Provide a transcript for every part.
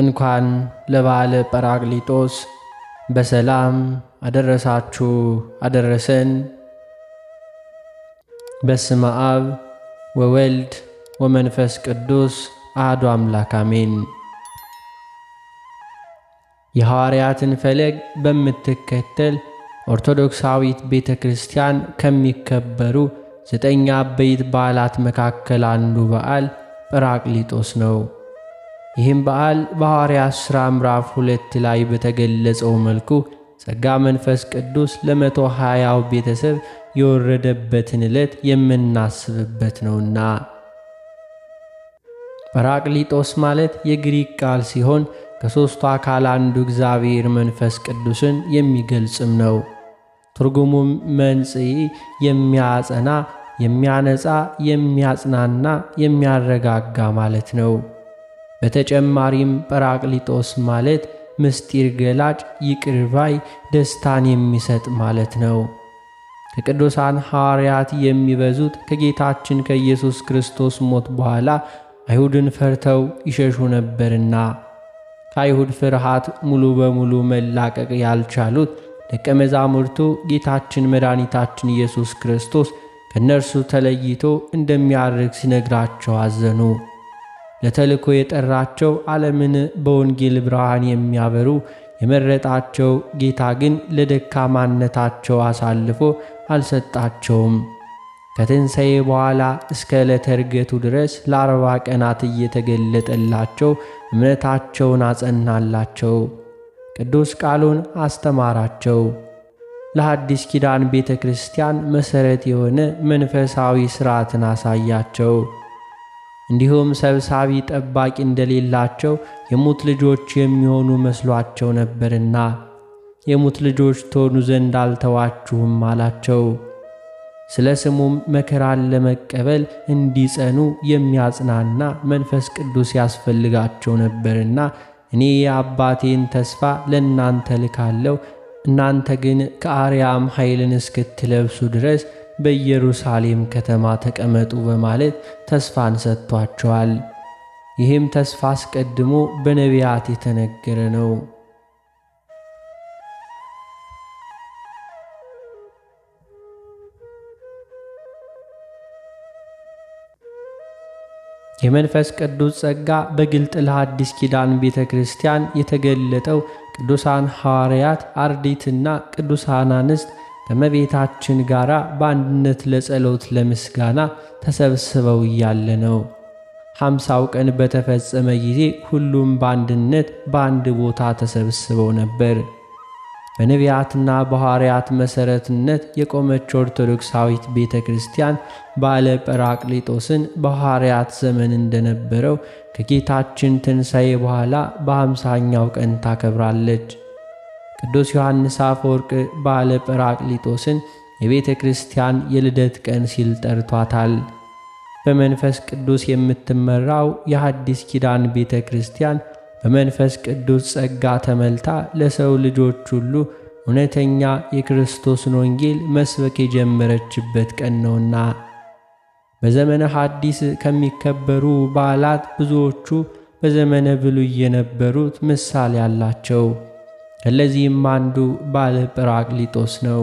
እንኳን ለበዓለ ጰራቅሊጦስ በሰላም አደረሳችሁ አደረሰን። በስመ አብ ወወልድ ወመንፈስ ቅዱስ አሐዱ አምላክ አሜን። የሐዋርያትን ፈለግ በምትከተል ኦርቶዶክሳዊት ቤተ ክርስቲያን ከሚከበሩ ዘጠኝ አበይት በዓላት መካከል አንዱ በዓል ጰራቅሊጦስ ነው። ይህም በዓል በሐዋርያ ሥራ ምዕራፍ ሁለት ላይ በተገለጸው መልኩ ጸጋ መንፈስ ቅዱስ ለመቶ ሀያው ቤተሰብ የወረደበትን ዕለት የምናስብበት ነውና። ጰራቅሊጦስ ማለት የግሪክ ቃል ሲሆን ከሦስቱ አካል አንዱ እግዚአብሔር መንፈስ ቅዱስን የሚገልጽም ነው። ትርጉሙም መንጽኢ፣ የሚያጸና፣ የሚያነጻ፣ የሚያጽናና፣ የሚያረጋጋ ማለት ነው። በተጨማሪም ጰራቅሊጦስ ማለት ምስጢር ገላጭ፣ ይቅርባይ ደስታን የሚሰጥ ማለት ነው። ከቅዱሳን ሐዋርያት የሚበዙት ከጌታችን ከኢየሱስ ክርስቶስ ሞት በኋላ አይሁድን ፈርተው ይሸሹ ነበርና ከአይሁድ ፍርሃት ሙሉ በሙሉ መላቀቅ ያልቻሉት ደቀ መዛሙርቱ ጌታችን መድኃኒታችን ኢየሱስ ክርስቶስ ከእነርሱ ተለይቶ እንደሚያርግ ሲነግራቸው አዘኑ። ለተልእኮ የጠራቸው ዓለምን በወንጌል ብርሃን የሚያበሩ የመረጣቸው ጌታ ግን ለደካማነታቸው አሳልፎ አልሰጣቸውም። ከትንሣኤ በኋላ እስከ ዕለተ ዕርገቱ ድረስ ለአርባ ቀናት እየተገለጠላቸው እምነታቸውን አጸናላቸው፣ ቅዱስ ቃሉን አስተማራቸው። ለአዲስ ኪዳን ቤተ ክርስቲያን መሠረት የሆነ መንፈሳዊ ሥርዓትን አሳያቸው። እንዲሁም ሰብሳቢ ጠባቂ እንደሌላቸው የሙት ልጆች የሚሆኑ መስሏቸው ነበርና የሙት ልጆች ትሆኑ ዘንድ አልተዋችሁም አላቸው። ስለ ስሙም መከራን ለመቀበል እንዲጸኑ የሚያጽናና መንፈስ ቅዱስ ያስፈልጋቸው ነበርና እኔ የአባቴን ተስፋ ለእናንተ ልካለሁ እናንተ ግን ከአርያም ኃይልን እስክትለብሱ ድረስ በኢየሩሳሌም ከተማ ተቀመጡ በማለት ተስፋን ሰጥቷቸዋል። ይህም ተስፋ አስቀድሞ በነቢያት የተነገረ ነው። የመንፈስ ቅዱስ ጸጋ በግልጥ ለሐዲስ ኪዳን ቤተ ክርስቲያን የተገለጠው ቅዱሳን ሐዋርያት፣ አርዲትና ቅዱሳን አንስት ከመቤታችን ጋር በአንድነት ለጸሎት ለምስጋና ተሰብስበው እያለ ነው። ሐምሳው ቀን በተፈጸመ ጊዜ ሁሉም በአንድነት በአንድ ቦታ ተሰብስበው ነበር። በነቢያትና በሐዋርያት መሠረትነት የቆመች ኦርቶዶክሳዊት ቤተ ክርስቲያን ባለ ጰራቅሊጦስን በሐዋርያት ዘመን እንደነበረው ከጌታችን ትንሣኤ በኋላ በሐምሳኛው ቀን ታከብራለች። ቅዱስ ዮሐንስ አፈወርቅ ባለ ጰራቅሊጦስን የቤተ ክርስቲያን የልደት ቀን ሲል ጠርቷታል። በመንፈስ ቅዱስ የምትመራው የሐዲስ ኪዳን ቤተ ክርስቲያን በመንፈስ ቅዱስ ጸጋ ተመልታ ለሰው ልጆች ሁሉ እውነተኛ የክርስቶስን ወንጌል መስበክ የጀመረችበት ቀን ነውና። በዘመነ ሐዲስ ከሚከበሩ በዓላት ብዙዎቹ በዘመነ ብሉይ የነበሩት ምሳሌ አላቸው። ከእነዚህም አንዱ ባለ ጰራቅሊጦስ ነው።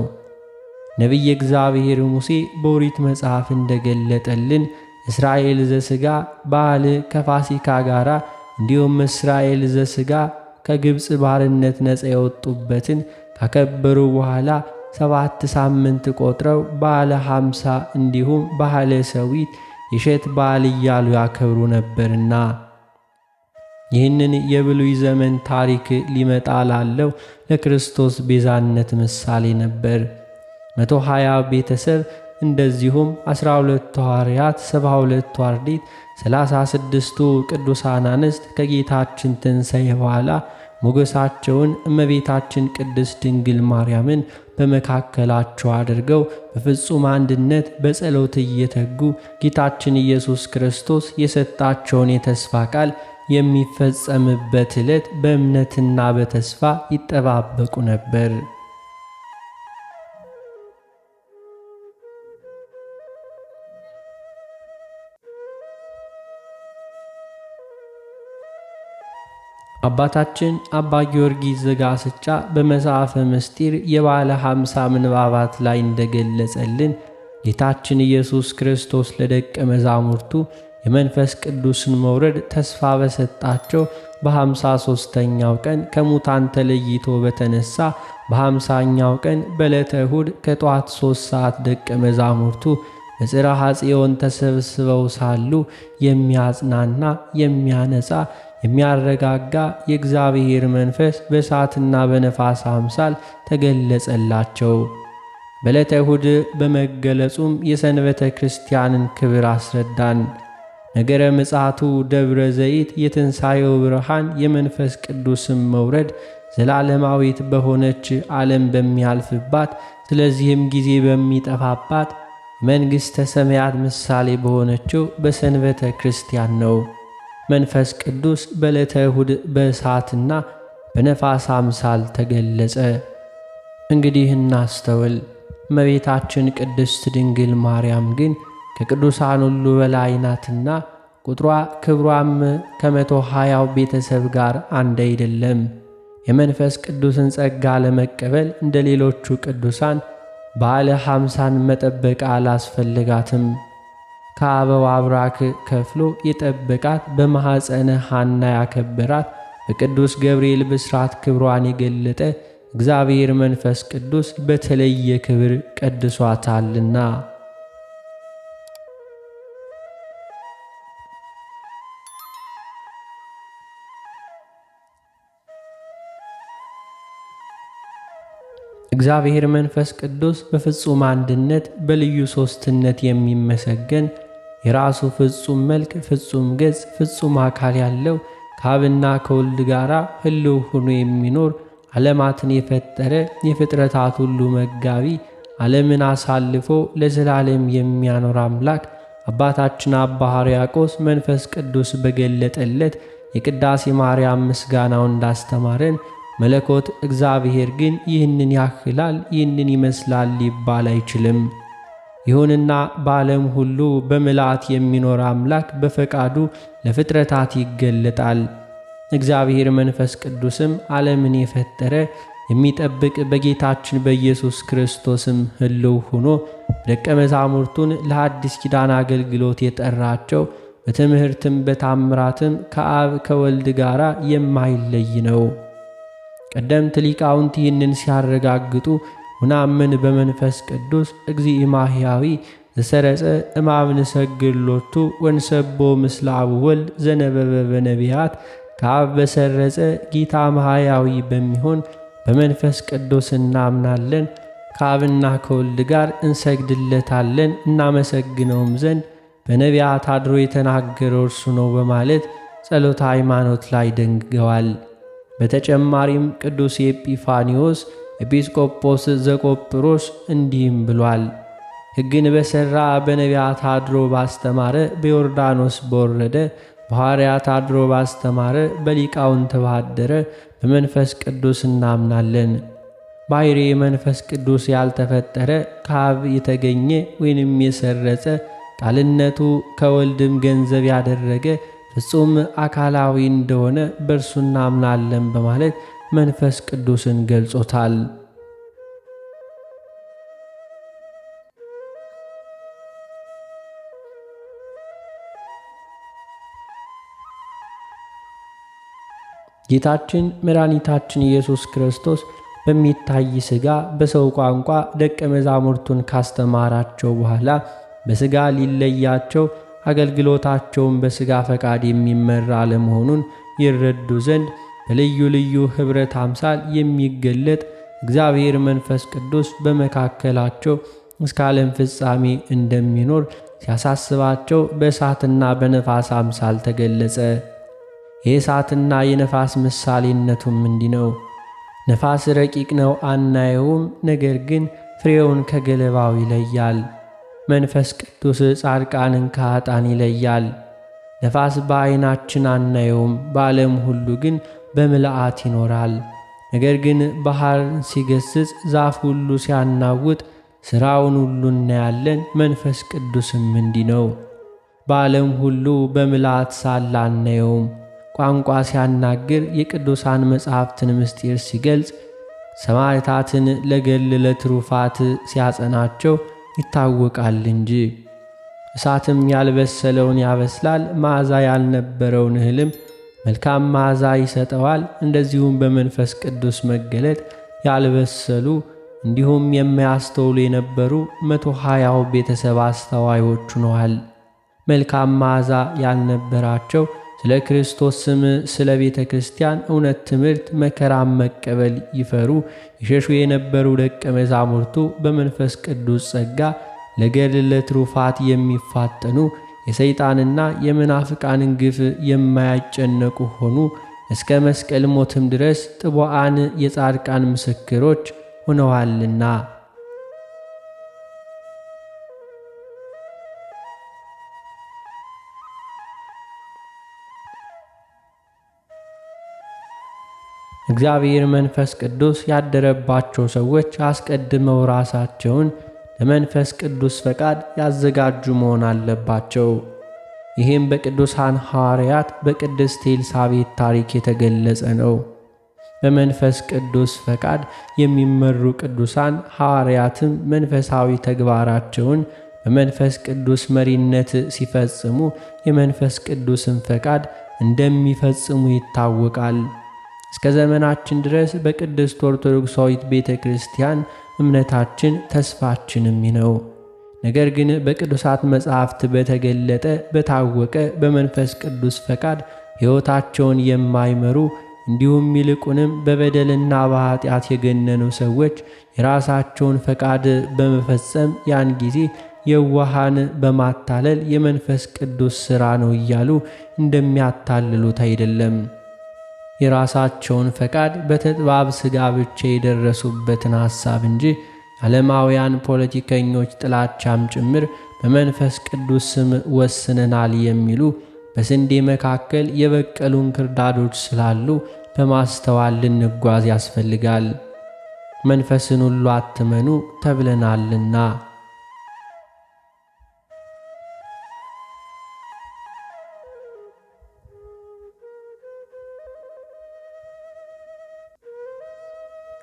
ነቢየ እግዚአብሔር ሙሴ በኦሪት መጽሐፍ እንደገለጠልን እስራኤል ዘሥጋ በዓል ከፋሲካ ጋራ እንዲሁም እስራኤል ዘሥጋ ከግብፅ ባርነት ነፃ የወጡበትን ካከበሩ በኋላ ሰባት ሳምንት ቆጥረው በዓለ ሐምሳ እንዲሁም በዓለ ሰዊት የሸት በዓል እያሉ ያከብሩ ነበርና ይህንን የብሉይ ዘመን ታሪክ ሊመጣ ላለው ለክርስቶስ ቤዛነት ምሳሌ ነበር። መቶ ቤተሰብ እንደዚሁም 12 ሐዋርያት፣ 72 አርድእት፣ 36ቱ ቅዱሳን አንስት ከጌታችን ትንሣኤ በኋላ ሞገሳቸውን እመቤታችን ቅድስት ድንግል ማርያምን በመካከላቸው አድርገው በፍጹም አንድነት በጸሎት እየተጉ ጌታችን ኢየሱስ ክርስቶስ የሰጣቸውን የተስፋ ቃል የሚፈጸምበት ዕለት በእምነትና በተስፋ ይጠባበቁ ነበር። አባታችን አባ ጊዮርጊስ ዘጋስጫ በመጽሐፈ ምስጢር የባለ ሐምሳ ምንባባት ላይ እንደገለጸልን ጌታችን ኢየሱስ ክርስቶስ ለደቀ መዛሙርቱ የመንፈስ ቅዱስን መውረድ ተስፋ በሰጣቸው በሃምሳ ሦስተኛው ቀን ከሙታን ተለይቶ በተነሳ በሃምሳኛው ቀን በዕለተ እሁድ ከጠዋት ሦስት ሰዓት ደቀ መዛሙርቱ በጽርሐ ጽዮን ተሰብስበው ሳሉ የሚያጽናና የሚያነጻ የሚያረጋጋ የእግዚአብሔር መንፈስ በእሳትና በነፋስ አምሳል ተገለጸላቸው። በዕለተ እሁድ በመገለጹም የሰንበተ ክርስቲያንን ክብር አስረዳን። ነገረ ምጽአቱ ደብረ ዘይት የትንሣኤው ብርሃን የመንፈስ ቅዱስም መውረድ ዘላለማዊት በሆነች ዓለም በሚያልፍባት ስለዚህም ጊዜ በሚጠፋባት መንግሥተ ሰማያት ምሳሌ በሆነችው በሰንበተ ክርስቲያን ነው። መንፈስ ቅዱስ በዕለተ እሁድ በእሳትና በነፋስ አምሳል ተገለጸ። እንግዲህ እናስተውል። እመቤታችን ቅድስት ድንግል ማርያም ግን ከቅዱሳን ሁሉ በላይ ናትና ቁጥሯ ክብሯም ከመቶ ሃያው ቤተሰብ ጋር አንድ አይደለም። የመንፈስ ቅዱስን ጸጋ ለመቀበል እንደ ሌሎቹ ቅዱሳን ባለ ሃምሳን መጠበቅ አላስፈልጋትም። ከአበው አብራክ ከፍሎ የጠበቃት በማኅፀነ ሐና ያከበራት በቅዱስ ገብርኤል ብስራት ክብሯን የገለጠ እግዚአብሔር መንፈስ ቅዱስ በተለየ ክብር ቀድሷታልና። እግዚአብሔር መንፈስ ቅዱስ በፍጹም አንድነት በልዩ ሦስትነት የሚመሰገን የራሱ ፍጹም መልክ፣ ፍጹም ገጽ፣ ፍጹም አካል ያለው ከአብና ከወልድ ጋር ሕልው ሆኖ የሚኖር ዓለማትን የፈጠረ የፍጥረታት ሁሉ መጋቢ ዓለምን አሳልፎ ለዘላለም የሚያኖር አምላክ አባታችን አባ ሕርያቆስ መንፈስ ቅዱስ በገለጠለት የቅዳሴ ማርያም ምስጋናው እንዳስተማረን መለኮት እግዚአብሔር ግን ይህንን ያክላል፣ ይህንን ይመስላል ሊባል አይችልም። ይሁንና በዓለም ሁሉ በምልአት የሚኖር አምላክ በፈቃዱ ለፍጥረታት ይገለጣል። እግዚአብሔር መንፈስ ቅዱስም ዓለምን የፈጠረ የሚጠብቅ በጌታችን በኢየሱስ ክርስቶስም ሕልው ሆኖ ደቀ መዛሙርቱን ለአዲስ ኪዳን አገልግሎት የጠራቸው በትምህርትም በታምራትም ከአብ ከወልድ ጋር የማይለይ ነው። ቀደምት ሊቃውንት ይህንን ሲያረጋግጡ ምናምን በመንፈስ ቅዱስ እግዚ ኢማህያዊ ዘሰረጸ እማምንሰግድ ሎቱ ወንሰቦ ምስለ አብ ወልድ ዘነበበ በነቢያት ከአብ በሰረጸ ጌታ ማህያዊ በሚሆን በመንፈስ ቅዱስ እናምናለን ከአብና ከወልድ ጋር እንሰግድለታለን እናመሰግነውም ዘንድ በነቢያት አድሮ የተናገረው እርሱ ነው በማለት ጸሎተ ሃይማኖት ላይ ደንግገዋል። በተጨማሪም ቅዱስ ኤጲፋኒዎስ ኤጲስቆጶስ ዘቆጵሮስ እንዲህም ብሏል። ሕግን በሠራ በነቢያት አድሮ ባስተማረ በዮርዳኖስ በወረደ በሐዋርያት አድሮ ባስተማረ በሊቃውንት ባደረ በመንፈስ ቅዱስ እናምናለን። ባይሬ መንፈስ ቅዱስ ያልተፈጠረ ከአብ የተገኘ ወይንም የሰረጸ ቃልነቱ ከወልድም ገንዘብ ያደረገ ፍጹም አካላዊ እንደሆነ በእርሱ እናምናለን በማለት መንፈስ ቅዱስን ገልጾታል። ጌታችን መድኃኒታችን ኢየሱስ ክርስቶስ በሚታይ ሥጋ በሰው ቋንቋ ደቀ መዛሙርቱን ካስተማራቸው በኋላ በሥጋ ሊለያቸው አገልግሎታቸውን በሥጋ ፈቃድ የሚመራ አለመሆኑን ይረዱ ዘንድ በልዩ ልዩ ኅብረት አምሳል የሚገለጥ እግዚአብሔር መንፈስ ቅዱስ በመካከላቸው እስከ ዓለም ፍጻሜ እንደሚኖር ሲያሳስባቸው በእሳትና በነፋስ አምሳል ተገለጸ። የእሳትና የነፋስ ምሳሌነቱም እንዲህ ነው። ነፋስ ረቂቅ ነው፣ አናየውም፣ ነገር ግን ፍሬውን ከገለባው ይለያል። መንፈስ ቅዱስ ጻድቃንን ከኃጥአን ይለያል። ነፋስ በዐይናችን አናየውም፣ በዓለም ሁሉ ግን በምልአት ይኖራል። ነገር ግን ባሕርን ሲገስጽ፣ ዛፍ ሁሉ ሲያናውጥ፣ ሥራውን ሁሉ እናያለን። መንፈስ ቅዱስም እንዲህ ነው። በዓለም ሁሉ በምልአት ሳለ አናየውም። ቋንቋ ሲያናግር፣ የቅዱሳን መጻሕፍትን ምስጢር ሲገልጽ፣ ሰማዕታትን ለገድል ለትሩፋት ሲያጸናቸው ይታወቃል እንጂ። እሳትም ያልበሰለውን ያበስላል፣ መዓዛ ያልነበረውን እህልም መልካም መዓዛ ይሰጠዋል። እንደዚሁም በመንፈስ ቅዱስ መገለጥ ያልበሰሉ እንዲሁም የማያስተውሉ የነበሩ መቶ ሀያው ቤተሰብ አስተዋዮች ሆነዋል። መልካም መዓዛ ያልነበራቸው ስለ ክርስቶስ ስም ስለ ቤተ ክርስቲያን እውነት ትምህርት መከራም መቀበል ይፈሩ ይሸሹ የነበሩ ደቀ መዛሙርቱ በመንፈስ ቅዱስ ጸጋ ለገድል ለትሩፋት የሚፋጠኑ የሰይጣንና የመናፍቃንን ግፍ የማያጨነቁ ሆኑ። እስከ መስቀል ሞትም ድረስ ጥቡዓን የጻድቃን ምስክሮች ሆነዋልና እግዚአብሔር መንፈስ ቅዱስ ያደረባቸው ሰዎች አስቀድመው ራሳቸውን ለመንፈስ ቅዱስ ፈቃድ ያዘጋጁ መሆን አለባቸው። ይህም በቅዱሳን ሐዋርያት በቅድስት ኤልሳቤት ታሪክ የተገለጸ ነው። በመንፈስ ቅዱስ ፈቃድ የሚመሩ ቅዱሳን ሐዋርያትም መንፈሳዊ ተግባራቸውን በመንፈስ ቅዱስ መሪነት ሲፈጽሙ የመንፈስ ቅዱስን ፈቃድ እንደሚፈጽሙ ይታወቃል። እስከ ዘመናችን ድረስ በቅድስት ኦርቶዶክሳዊት ቤተ ክርስቲያን እምነታችን ተስፋችንም ነው። ነገር ግን በቅዱሳት መጻሕፍት በተገለጠ በታወቀ በመንፈስ ቅዱስ ፈቃድ ሕይወታቸውን የማይመሩ እንዲሁም ይልቁንም በበደልና በኀጢአት የገነኑ ሰዎች የራሳቸውን ፈቃድ በመፈጸም ያን ጊዜ የዋሃን በማታለል የመንፈስ ቅዱስ ሥራ ነው እያሉ እንደሚያታልሉት አይደለም። የራሳቸውን ፈቃድ በተጥባብ ሥጋ ብቻ የደረሱበትን ሐሳብ እንጂ ዓለማውያን ፖለቲከኞች ጥላቻም ጭምር በመንፈስ ቅዱስ ስም ወስነናል የሚሉ በስንዴ መካከል የበቀሉ እንክርዳዶች ስላሉ በማስተዋል ልንጓዝ ያስፈልጋል። መንፈስን ሁሉ አትመኑ ተብለናልና።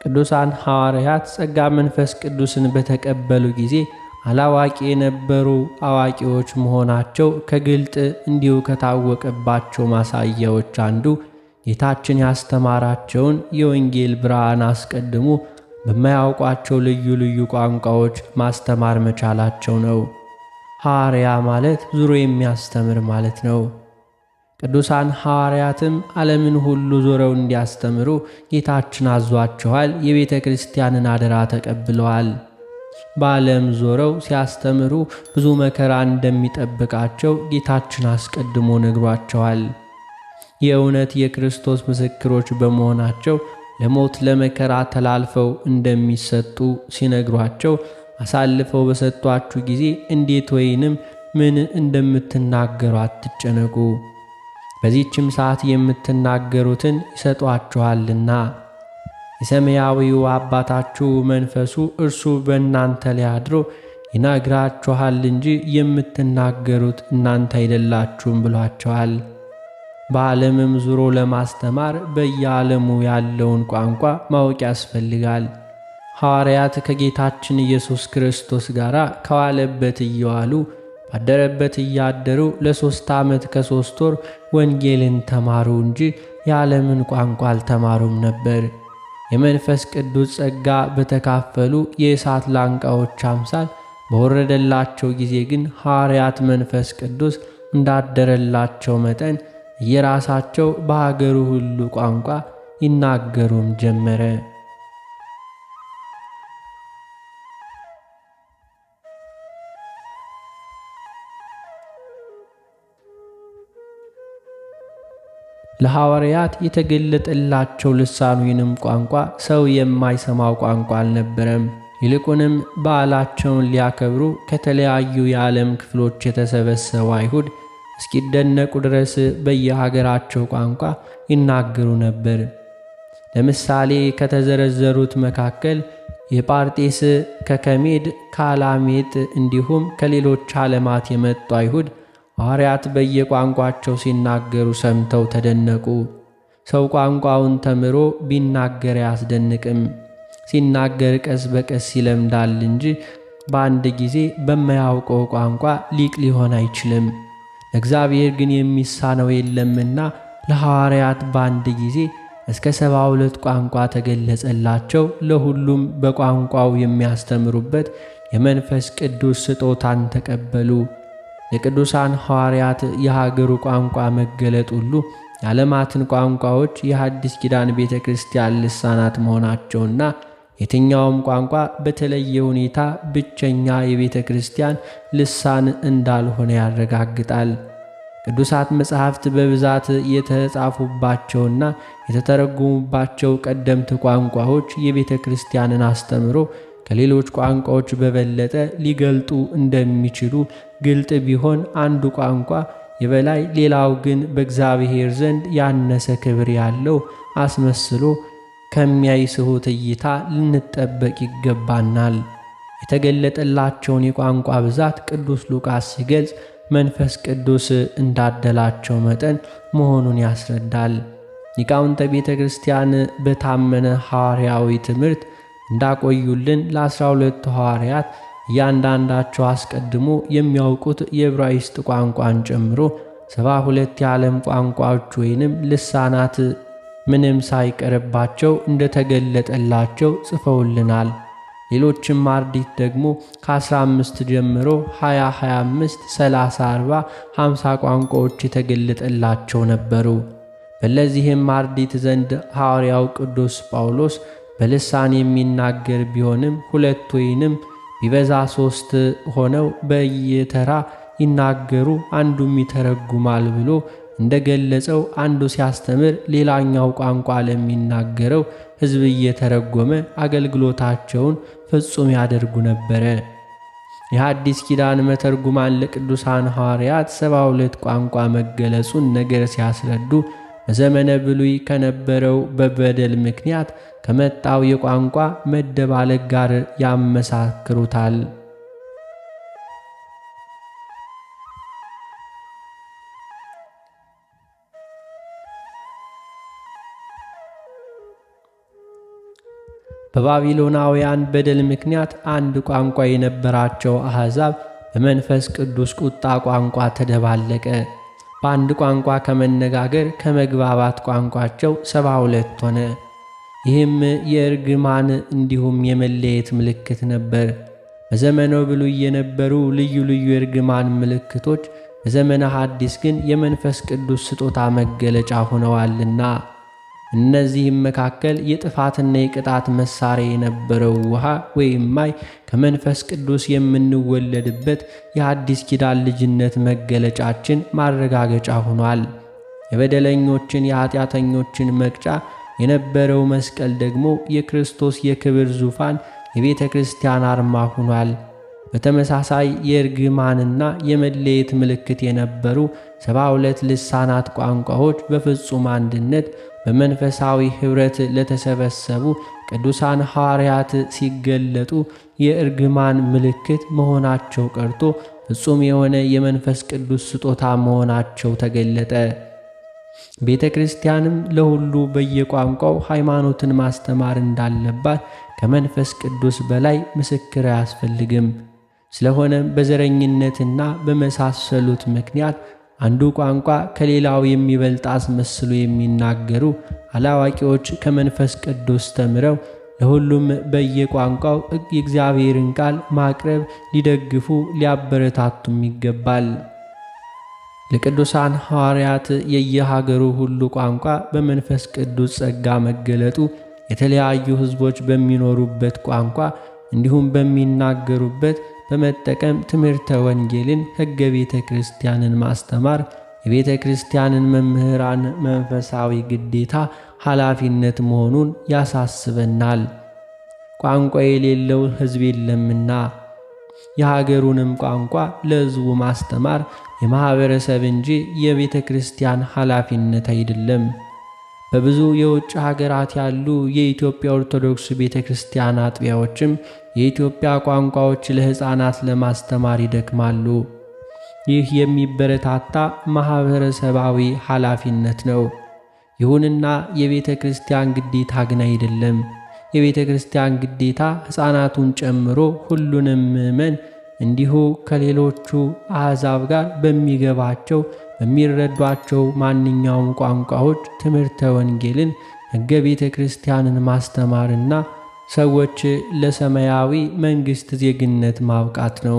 ቅዱሳን ሐዋርያት ጸጋ መንፈስ ቅዱስን በተቀበሉ ጊዜ አላዋቂ የነበሩ አዋቂዎች መሆናቸው ከግልጥ እንዲሁ ከታወቀባቸው ማሳያዎች አንዱ ጌታችን ያስተማራቸውን የወንጌል ብርሃን አስቀድሞ በማያውቋቸው ልዩ ልዩ ቋንቋዎች ማስተማር መቻላቸው ነው። ሐዋርያ ማለት ዙሮ የሚያስተምር ማለት ነው። ቅዱሳን ሐዋርያትም ዓለምን ሁሉ ዞረው እንዲያስተምሩ ጌታችን አዟቸዋል። የቤተ ክርስቲያንን አደራ ተቀብለዋል። በዓለም ዞረው ሲያስተምሩ ብዙ መከራ እንደሚጠብቃቸው ጌታችን አስቀድሞ ነግሯቸዋል። የእውነት የክርስቶስ ምስክሮች በመሆናቸው ለሞት ለመከራ ተላልፈው እንደሚሰጡ ሲነግሯቸው አሳልፈው በሰጧችሁ ጊዜ እንዴት ወይንም ምን እንደምትናገሩ አትጨነቁ። በዚችም ሰዓት የምትናገሩትን ይሰጧችኋልና የሰማያዊው አባታችሁ መንፈሱ እርሱ በእናንተ ላይ አድሮ ይነግራችኋል እንጂ የምትናገሩት እናንተ አይደላችሁም ብሏቸዋል። በዓለምም ዙሮ ለማስተማር በየዓለሙ ያለውን ቋንቋ ማወቅ ያስፈልጋል። ሐዋርያት ከጌታችን ኢየሱስ ክርስቶስ ጋር ከዋለበት እየዋሉ ባደረበት እያደሩ ለሦስት ዓመት ከሦስት ወር ወንጌልን ተማሩ እንጂ የዓለምን ቋንቋ አልተማሩም ነበር። የመንፈስ ቅዱስ ጸጋ በተካፈሉ የእሳት ላንቃዎች አምሳል በወረደላቸው ጊዜ ግን ሐዋርያት መንፈስ ቅዱስ እንዳደረላቸው መጠን እየራሳቸው በአገሩ ሁሉ ቋንቋ ይናገሩም ጀመረ። ለሐዋርያት የተገለጠላቸው ልሳን ወይንም ቋንቋ ሰው የማይሰማው ቋንቋ አልነበረም። ይልቁንም በዓላቸውን ሊያከብሩ ከተለያዩ የዓለም ክፍሎች የተሰበሰቡ አይሁድ እስኪደነቁ ድረስ በየሀገራቸው ቋንቋ ይናገሩ ነበር። ለምሳሌ ከተዘረዘሩት መካከል የጳርጤስ፣ ከከሜድ፣ ከአላሜጥ እንዲሁም ከሌሎች ዓለማት የመጡ አይሁድ ሐዋርያት በየቋንቋቸው ሲናገሩ ሰምተው ተደነቁ። ሰው ቋንቋውን ተምሮ ቢናገር አያስደንቅም። ሲናገር ቀስ በቀስ ይለምዳል እንጂ በአንድ ጊዜ በማያውቀው ቋንቋ ሊቅ ሊሆን አይችልም። እግዚአብሔር ግን የሚሳነው የለምና ለሐዋርያት በአንድ ጊዜ እስከ ሰባ ሁለት ቋንቋ ተገለጸላቸው። ለሁሉም በቋንቋው የሚያስተምሩበት የመንፈስ ቅዱስ ስጦታን ተቀበሉ። የቅዱሳን ሐዋርያት የሀገሩ ቋንቋ መገለጥ ሁሉ የዓለማትን ቋንቋዎች የሐዲስ ኪዳን ቤተ ክርስቲያን ልሳናት መሆናቸውና የትኛውም ቋንቋ በተለየ ሁኔታ ብቸኛ የቤተ ክርስቲያን ልሳን እንዳልሆነ ያረጋግጣል። ቅዱሳት መጻሕፍት በብዛት የተጻፉባቸውና የተተረጉሙባቸው ቀደምት ቋንቋዎች የቤተ ክርስቲያንን አስተምሮ ከሌሎች ቋንቋዎች በበለጠ ሊገልጡ እንደሚችሉ ግልጥ ቢሆን አንዱ ቋንቋ የበላይ ሌላው ግን በእግዚአብሔር ዘንድ ያነሰ ክብር ያለው አስመስሎ ከሚያይ ስሁት እይታ ልንጠበቅ ይገባናል። የተገለጠላቸውን የቋንቋ ብዛት ቅዱስ ሉቃስ ሲገልጽ መንፈስ ቅዱስ እንዳደላቸው መጠን መሆኑን ያስረዳል። ሊቃውንተ ቤተ ክርስቲያን በታመነ ሐዋርያዊ ትምህርት እንዳቆዩልን ለአስራ ሁለቱ ሐዋርያት እያንዳንዳቸው አስቀድሞ የሚያውቁት የዕብራይስጥ ቋንቋን ጨምሮ ሰባ ሁለት የዓለም ቋንቋዎች ወይንም ልሳናት ምንም ሳይቀርባቸው እንደተገለጠላቸው ጽፈውልናል። ሌሎችም አርዲት ደግሞ ከ15 ጀምሮ 20፣ 25፣ 30፣ 40፣ 50 ቋንቋዎች የተገለጠላቸው ነበሩ። በለዚህም አርዲት ዘንድ ሐዋርያው ቅዱስ ጳውሎስ በልሳን የሚናገር ቢሆንም ሁለት ወይንም ቢበዛ ሦስት ሆነው በየተራ ይናገሩ አንዱም ይተረጉማል ብሎ እንደገለጸው አንዱ ሲያስተምር ሌላኛው ቋንቋ ለሚናገረው ሕዝብ እየተረጎመ አገልግሎታቸውን ፍጹም ያደርጉ ነበረ። የሐዲስ ኪዳን መተርጉማን ለቅዱሳን ሐዋርያት ሰባ ሁለት ቋንቋ መገለጹን ነገር ሲያስረዱ በዘመነ ብሉይ ከነበረው በበደል ምክንያት ከመጣው የቋንቋ መደባለቅ ጋር ያመሳክሩታል። በባቢሎናውያን በደል ምክንያት አንድ ቋንቋ የነበራቸው አሕዛብ በመንፈስ ቅዱስ ቁጣ ቋንቋ ተደባለቀ። በአንድ ቋንቋ ከመነጋገር ከመግባባት ቋንቋቸው ሰባ ሁለት ሆነ። ይህም የእርግማን እንዲሁም የመለየት ምልክት ነበር። በዘመነ ብሉይ የነበሩ ልዩ ልዩ የእርግማን ምልክቶች በዘመነ ሐዲስ ግን የመንፈስ ቅዱስ ስጦታ መገለጫ ሆነዋልና እነዚህም መካከል የጥፋትና የቅጣት መሳሪያ የነበረው ውሃ ወይም ማይ ከመንፈስ ቅዱስ የምንወለድበት የአዲስ ኪዳን ልጅነት መገለጫችን ማረጋገጫ ሆኗል። የበደለኞችን የኃጢአተኞችን መቅጫ የነበረው መስቀል ደግሞ የክርስቶስ የክብር ዙፋን የቤተ ክርስቲያን አርማ ሆኗል። በተመሳሳይ የእርግማንና የመለየት ምልክት የነበሩ ሰባ ሁለት ልሳናት ቋንቋዎች በፍጹም አንድነት በመንፈሳዊ ኅብረት ለተሰበሰቡ ቅዱሳን ሐዋርያት ሲገለጡ የእርግማን ምልክት መሆናቸው ቀርቶ ፍጹም የሆነ የመንፈስ ቅዱስ ስጦታ መሆናቸው ተገለጠ። ቤተ ክርስቲያንም ለሁሉ በየቋንቋው ሃይማኖትን ማስተማር እንዳለባት ከመንፈስ ቅዱስ በላይ ምስክር አያስፈልግም። ስለሆነም በዘረኝነትና በመሳሰሉት ምክንያት አንዱ ቋንቋ ከሌላው የሚበልጥ አስመስሎ የሚናገሩ አላዋቂዎች ከመንፈስ ቅዱስ ተምረው ለሁሉም በየቋንቋው የእግዚአብሔርን ቃል ማቅረብ ሊደግፉ ሊያበረታቱም ይገባል። ለቅዱሳን ሐዋርያት የየሀገሩ ሁሉ ቋንቋ በመንፈስ ቅዱስ ጸጋ መገለጡ የተለያዩ ሕዝቦች በሚኖሩበት ቋንቋ እንዲሁም በሚናገሩበት በመጠቀም ትምህርተ ወንጌልን፣ ሕገ ቤተ ክርስቲያንን ማስተማር የቤተ ክርስቲያንን መምህራን መንፈሳዊ ግዴታ ኃላፊነት መሆኑን ያሳስበናል። ቋንቋ የሌለው ሕዝብ የለምና የሀገሩንም ቋንቋ ለሕዝቡ ማስተማር የማኅበረሰብ እንጂ የቤተ ክርስቲያን ኃላፊነት አይደለም። በብዙ የውጭ ሀገራት ያሉ የኢትዮጵያ ኦርቶዶክስ ቤተ ክርስቲያን አጥቢያዎችም የኢትዮጵያ ቋንቋዎች ለሕፃናት ለማስተማር ይደክማሉ። ይህ የሚበረታታ ማኅበረሰባዊ ኃላፊነት ነው። ይሁንና የቤተ ክርስቲያን ግዴታ ግን አይደለም። የቤተ ክርስቲያን ግዴታ ሕፃናቱን ጨምሮ ሁሉንም ምዕመን እንዲሁ ከሌሎቹ አሕዛብ ጋር በሚገባቸው በሚረዷቸው ማንኛውም ቋንቋዎች ትምህርተ ወንጌልን ሕገ ቤተ ክርስቲያንን ማስተማርና ሰዎች ለሰማያዊ መንግሥት ዜግነት ማብቃት ነው።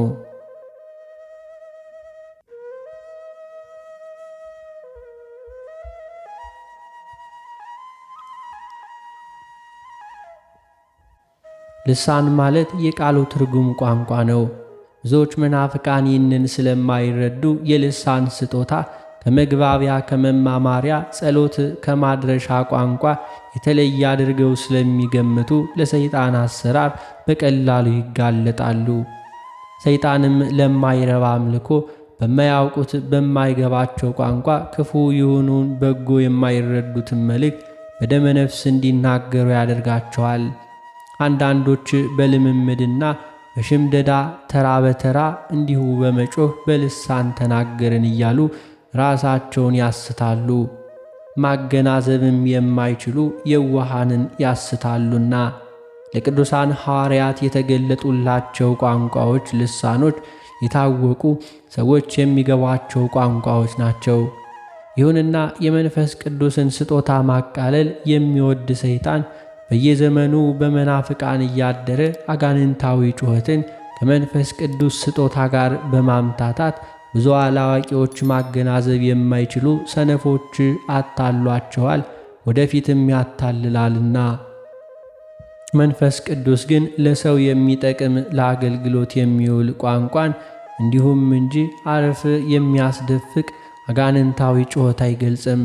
ልሳን ማለት የቃሉ ትርጉም ቋንቋ ነው። ብዙዎች መናፍቃን ይህንን ስለማይረዱ የልሳን ስጦታ ከመግባቢያ ከመማማሪያ ጸሎት ከማድረሻ ቋንቋ የተለየ አድርገው ስለሚገምቱ ለሰይጣን አሰራር በቀላሉ ይጋለጣሉ። ሰይጣንም ለማይረባ አምልኮ በማያውቁት በማይገባቸው ቋንቋ ክፉ የሆኑን በጎ የማይረዱትን መልእክት በደመነፍስ እንዲናገሩ ያደርጋቸዋል። አንዳንዶች በልምምድና በሽምደዳ ተራ በተራ እንዲሁ በመጮህ በልሳን ተናገርን እያሉ ራሳቸውን ያስታሉ፣ ማገናዘብም የማይችሉ የዋሃንን ያስታሉና ለቅዱሳን ሐዋርያት የተገለጡላቸው ቋንቋዎች ልሳኖች የታወቁ ሰዎች የሚገባቸው ቋንቋዎች ናቸው። ይሁንና የመንፈስ ቅዱስን ስጦታ ማቃለል የሚወድ ሰይጣን በየዘመኑ በመናፍቃን እያደረ አጋንንታዊ ጩኸትን ከመንፈስ ቅዱስ ስጦታ ጋር በማምታታት ብዙ አላዋቂዎች ማገናዘብ የማይችሉ ሰነፎች አታሏችኋል፣ ወደፊትም ያታልላልና። መንፈስ ቅዱስ ግን ለሰው የሚጠቅም ለአገልግሎት የሚውል ቋንቋን እንዲሁም እንጂ አረፍ የሚያስደፍቅ አጋንንታዊ ጩኸት አይገልጽም።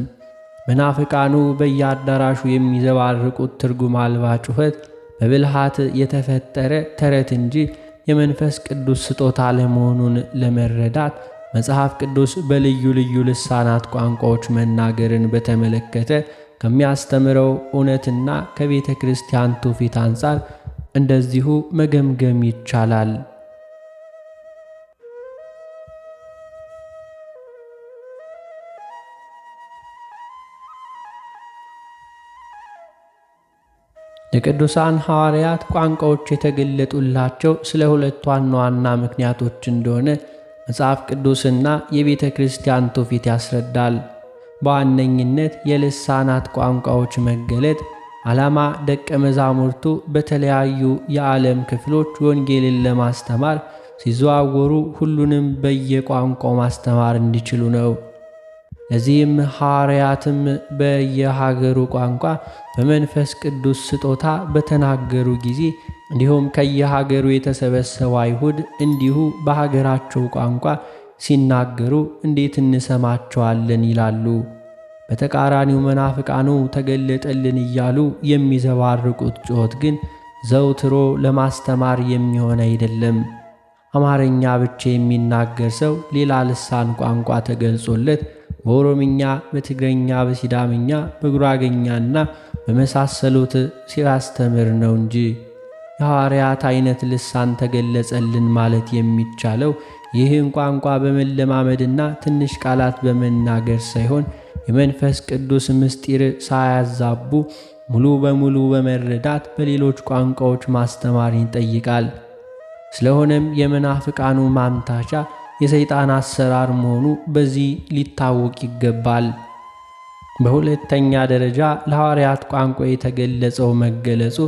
መናፍቃኑ በየአዳራሹ የሚዘባርቁት ትርጉም አልባ ጩኸት በብልሃት የተፈጠረ ተረት እንጂ የመንፈስ ቅዱስ ስጦታ ለመሆኑን ለመረዳት መጽሐፍ ቅዱስ በልዩ ልዩ ልሳናት ቋንቋዎች መናገርን በተመለከተ ከሚያስተምረው እውነትና ከቤተ ክርስቲያን ትውፊት አንጻር እንደዚሁ መገምገም ይቻላል። የቅዱሳን ሐዋርያት ቋንቋዎች የተገለጡላቸው ስለ ሁለት ዋና ዋና ምክንያቶች እንደሆነ መጽሐፍ ቅዱስና የቤተ ክርስቲያን ትውፊት ያስረዳል። በዋነኝነት የልሳናት ቋንቋዎች መገለጥ ዓላማ ደቀ መዛሙርቱ በተለያዩ የዓለም ክፍሎች ወንጌልን ለማስተማር ሲዘዋወሩ ሁሉንም በየቋንቋው ማስተማር እንዲችሉ ነው። እዚህም ሐዋርያትም በየሀገሩ ቋንቋ በመንፈስ ቅዱስ ስጦታ በተናገሩ ጊዜ እንዲሁም ከየሀገሩ የተሰበሰቡ አይሁድ እንዲሁ በሀገራቸው ቋንቋ ሲናገሩ እንዴት እንሰማቸዋለን ይላሉ። በተቃራኒው መናፍቃኑ ተገለጠልን እያሉ የሚዘባርቁት ጩኸት ግን ዘውትሮ ለማስተማር የሚሆን አይደለም። አማርኛ ብቻ የሚናገር ሰው ሌላ ልሳን ቋንቋ ተገልጾለት በኦሮምኛ፣ በትግረኛ፣ በሲዳምኛ፣ በጉራገኛና በመሳሰሉት ሲያስተምር ነው እንጂ የሐዋርያት አይነት ልሳን ተገለጸልን ማለት የሚቻለው ይህን ቋንቋ በመለማመድና ትንሽ ቃላት በመናገር ሳይሆን የመንፈስ ቅዱስ ምስጢር ሳያዛቡ ሙሉ በሙሉ በመረዳት በሌሎች ቋንቋዎች ማስተማር ይጠይቃል። ስለሆነም የመናፍቃኑ ማምታቻ የሰይጣን አሰራር መሆኑ በዚህ ሊታወቅ ይገባል። በሁለተኛ ደረጃ ለሐዋርያት ቋንቋ የተገለጸው መገለጹ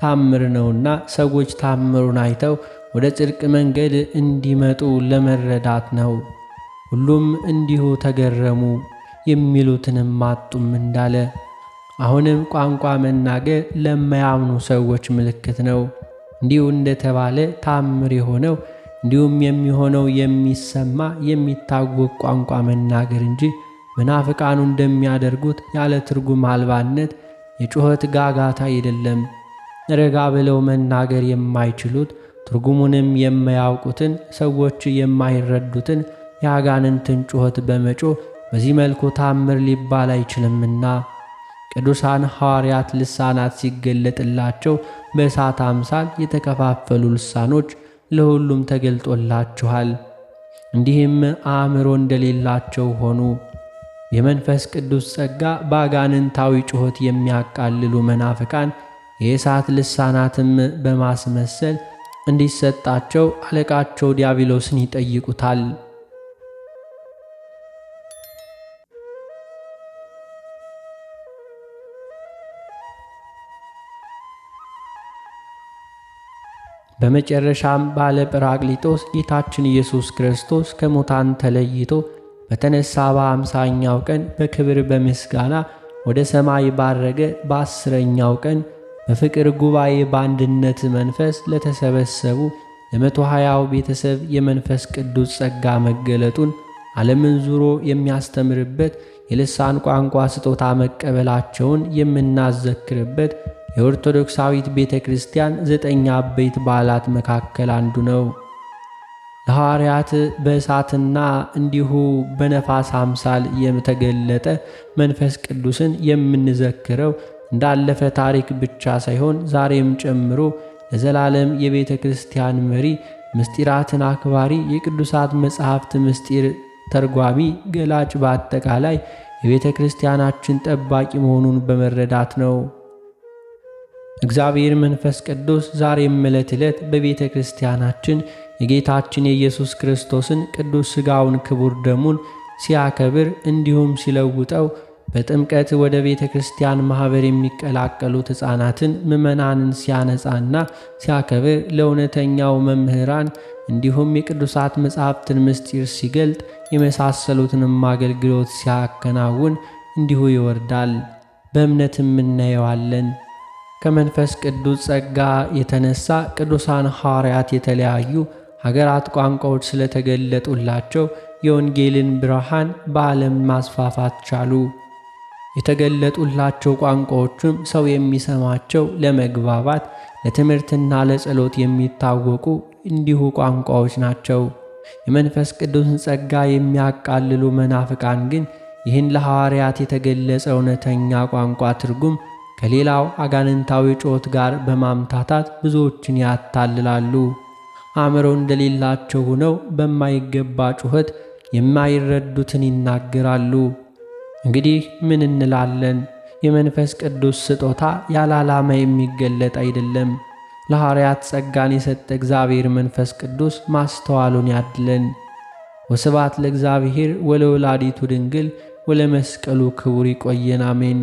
ታምር ነውና ሰዎች ታምሩን አይተው ወደ ጽድቅ መንገድ እንዲመጡ ለመረዳት ነው። ሁሉም እንዲሁ ተገረሙ የሚሉትንም አጡም እንዳለ። አሁንም ቋንቋ መናገር ለማያምኑ ሰዎች ምልክት ነው። እንዲሁ እንደተባለ ታምር የሆነው እንዲሁም የሚሆነው የሚሰማ የሚታወቅ ቋንቋ መናገር እንጂ መናፍቃኑ እንደሚያደርጉት ያለ ትርጉም አልባነት የጩኸት ጋጋታ አይደለም። ረጋ ብለው መናገር የማይችሉት ትርጉሙንም የማያውቁትን ሰዎች የማይረዱትን የአጋንንትን ጩኸት በመጮ በዚህ መልኩ ታምር ሊባል አይችልምና ቅዱሳን ሐዋርያት ልሳናት ሲገለጥላቸው በእሳት አምሳል የተከፋፈሉ ልሳኖች ለሁሉም ተገልጦላችኋል። እንዲህም አእምሮ እንደሌላቸው ሆኑ። የመንፈስ ቅዱስ ጸጋ በአጋንንታዊ ጩኸት የሚያቃልሉ መናፍቃን የእሳት ልሳናትም በማስመሰል እንዲሰጣቸው አለቃቸው ዲያብሎስን ይጠይቁታል። በመጨረሻም ባለ ጵራቅሊጦስ ጌታችን ኢየሱስ ክርስቶስ ከሙታን ተለይቶ በተነሳ በአምሳኛው ቀን በክብር በምስጋና ወደ ሰማይ ባረገ በአስረኛው ቀን በፍቅር ጉባኤ በአንድነት መንፈስ ለተሰበሰቡ ለመቶ ሃያው ቤተሰብ የመንፈስ ቅዱስ ጸጋ መገለጡን ዓለምን ዙሮ የሚያስተምርበት የልሳን ቋንቋ ስጦታ መቀበላቸውን የምናዘክርበት የኦርቶዶክሳዊት ቤተ ክርስቲያን ዘጠኝ አበይት በዓላት መካከል አንዱ ነው። ለሐዋርያት በእሳትና እንዲሁ በነፋስ አምሳል የተገለጠ መንፈስ ቅዱስን የምንዘክረው እንዳለፈ ታሪክ ብቻ ሳይሆን ዛሬም ጨምሮ ለዘላለም የቤተ ክርስቲያን መሪ፣ ምስጢራትን አክባሪ፣ የቅዱሳት መጽሐፍት ምስጢር ተርጓሚ፣ ገላጭ፣ በአጠቃላይ የቤተ ክርስቲያናችን ጠባቂ መሆኑን በመረዳት ነው። እግዚአብሔር መንፈስ ቅዱስ ዛሬም ዕለት ዕለት በቤተ ክርስቲያናችን የጌታችን የኢየሱስ ክርስቶስን ቅዱስ ሥጋውን ክቡር ደሙን ሲያከብር እንዲሁም ሲለውጠው በጥምቀት ወደ ቤተ ክርስቲያን ማኅበር የሚቀላቀሉት ሕፃናትን ምዕመናንን ሲያነጻና ሲያከብር ለእውነተኛው መምህራን እንዲሁም የቅዱሳት መጻሕፍትን ምስጢር ሲገልጥ የመሳሰሉትንም አገልግሎት ሲያከናውን እንዲሁ ይወርዳል። በእምነት እናየዋለን። ከመንፈስ ቅዱስ ጸጋ የተነሳ ቅዱሳን ሐዋርያት የተለያዩ ሀገራት ቋንቋዎች ስለተገለጡላቸው የወንጌልን ብርሃን በዓለም ማስፋፋት ቻሉ። የተገለጡላቸው ቋንቋዎቹም ሰው የሚሰማቸው ለመግባባት፣ ለትምህርትና ለጸሎት የሚታወቁ እንዲሁ ቋንቋዎች ናቸው። የመንፈስ ቅዱስን ጸጋ የሚያቃልሉ መናፍቃን ግን ይህን ለሐዋርያት የተገለጸ እውነተኛ ቋንቋ ትርጉም ከሌላው አጋንንታዊ ጩኸት ጋር በማምታታት ብዙዎችን ያታልላሉ። አእምሮ እንደሌላቸው ሆነው በማይገባ ጩኸት የማይረዱትን ይናገራሉ። እንግዲህ ምን እንላለን? የመንፈስ ቅዱስ ስጦታ ያለ ዓላማ የሚገለጥ አይደለም። ለሐዋርያት ጸጋን የሰጠ እግዚአብሔር መንፈስ ቅዱስ ማስተዋሉን ያድለን። ወስባት ለእግዚአብሔር ወለወላዲቱ ድንግል ወለመስቀሉ ክቡር። ይቆየን። አሜን።